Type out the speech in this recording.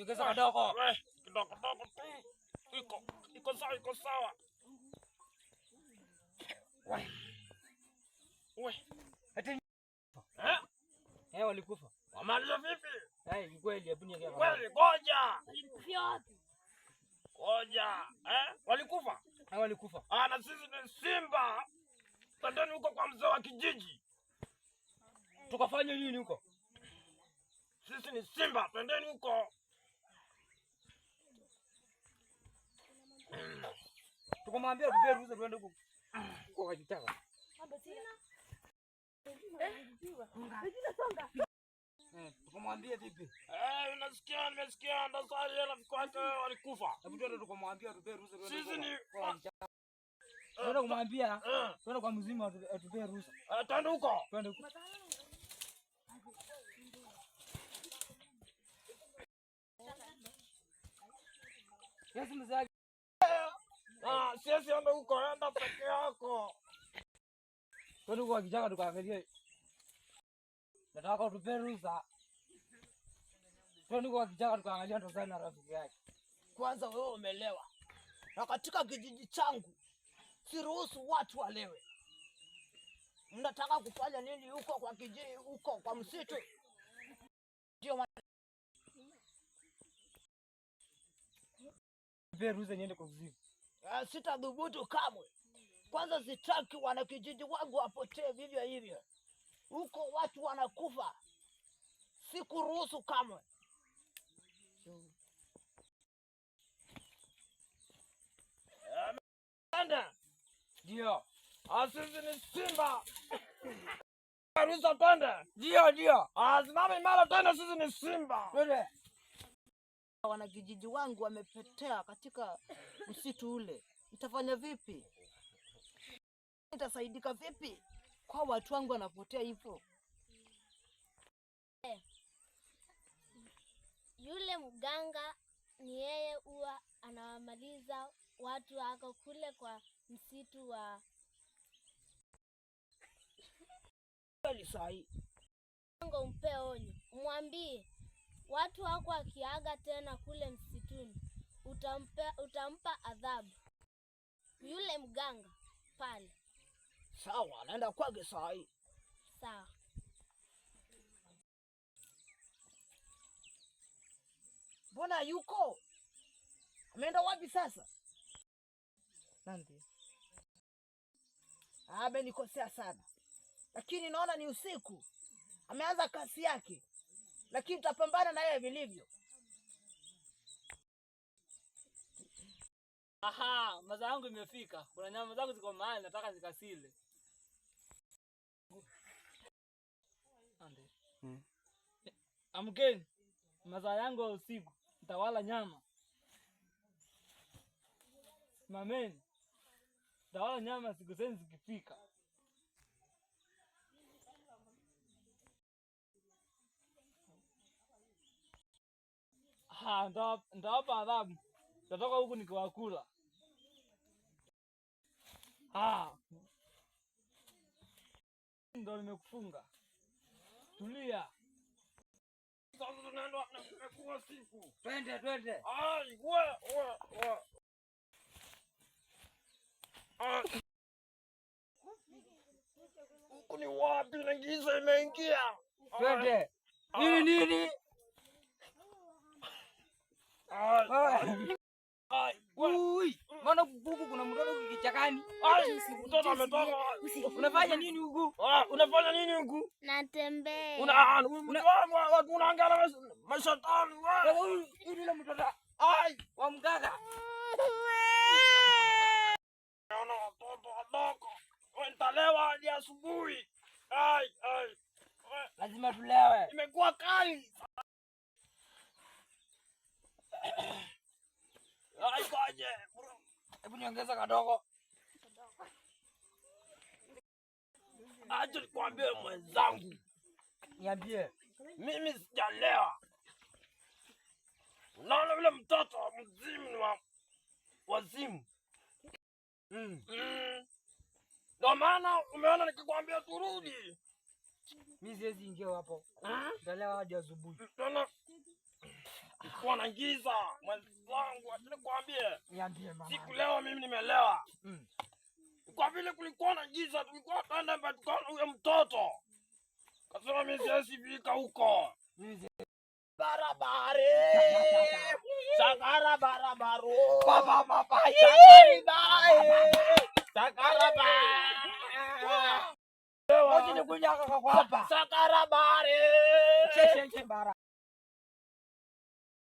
Nyongeza kidogo. Kidogo kidogo tu. Iko iko sawa, iko sawa. Wewe. eh? Eh, walikufa. Wamaliza vipi? Eh, ni kweli hapo ni kweli. Ngoja. Ngoja. Eh? Walikufa? Eh, walikufa. Ah, na sisi ni simba. Twendeni huko kwa mzee wa kijiji. Tukafanya nini huko? Sisi ni simba, twendeni huko. Tukamwambia tupe ruhusa tuende huko. Huko kajitaka. Baba sina. Eh, tukamwambia vipi? Eh, unasikia nimesikia ndasali na vikwake walikufa. Hebu twende tukamwambia tupe ruhusa tuende. Sisi ni ah. Twende kumwambia, eh. twende kwa mzima atupe ruhusa. Eh, twende huko. Twende huko. Yes, mzee siwezi enda huko, enda peke yako. Twende kwa kijana tukaangalie, nataka utupe ruhusa. Twende kwa kijana tukaangalia ndo sana rafiki yake. Kwanza wewe umelewa, na katika kijiji changu siruhusu watu walewe. Mnataka kufanya nini huko kwa kijiji, huko kwa msitu? Ndio niende kwa kuzimu Ah, sitadhubutu kamwe. Kwanza sitaki wanakijiji wangu wapotee vivyo hivyo, huko watu wanakufa, sikuruhusu kamwe. Ndio asisi ah, ni simba arisa panda, ndio ndio, asimame ah, tena, sisi ni simba wanakijiji wangu wamepotea katika msitu ule, nitafanya vipi? Nitasaidika vipi kwa watu wangu wanapotea hivyo? Eh, yule mganga ni yeye, huwa anawamaliza watu wako kule kwa msitu wa kweli. Sahi mpe onyo, mwambie Watu wako akiaga tena kule msituni, utampa, utampa adhabu yule mganga pale. Sawa, naenda kwake saa hii. Sawa. Mbona yuko ameenda wapi sasa? Nandi ah, amenikosea sana, lakini naona ni usiku, ameanza kasi yake lakini tutapambana na yeye vilivyo. Aha, maza yangu imefika. Kuna nyama zangu ziko mahali nataka zikasile. Hmm. Amkeni, maza yangu ya usiku ntawala nyama. Mameni, tawala nyama siku zenu zikifika. ndawapa adhabu, nitatoka huku nikiwakula. Ndo nimekufunga. Tulia. Sasa Twende, twende. Huku ni wapi na giza imeingia? Twende. Nini nini? Mbona huku kuna mtoto huku kichakani? Mtoto Unafanya nini huku? Unafanya nini huku? Natembea. unaangana mashetani wewe. mtoto. Ai, wa mgaga. Naona watoto wadogo. Wentalewa hadi asubuhi. Ai, ai. Lazima tulewe. Imekuwa kali. kuniongeza kadogo. Acha nikwambie mwenzangu, niambie mimi sijalewa. Unaona vile mtoto wa mzimu ni wa wazimu, mm. mm. ndo maana umeona nikikwambia turudi. mi siwezi ingia hapo, mm. ndalewa hadi asubuhi. Unaona kwa nangiza wangu acha nikwambie. Niambie mama. Siku leo mimi nimelewa. Mm. Kwa vile kulikuwa na giza tulikuwa tunaenda mbele tukaona huyo mtoto. Kasema mimi siwezi fika huko. Barabare. Sagara barabaro. Baba baba. Sagari bae.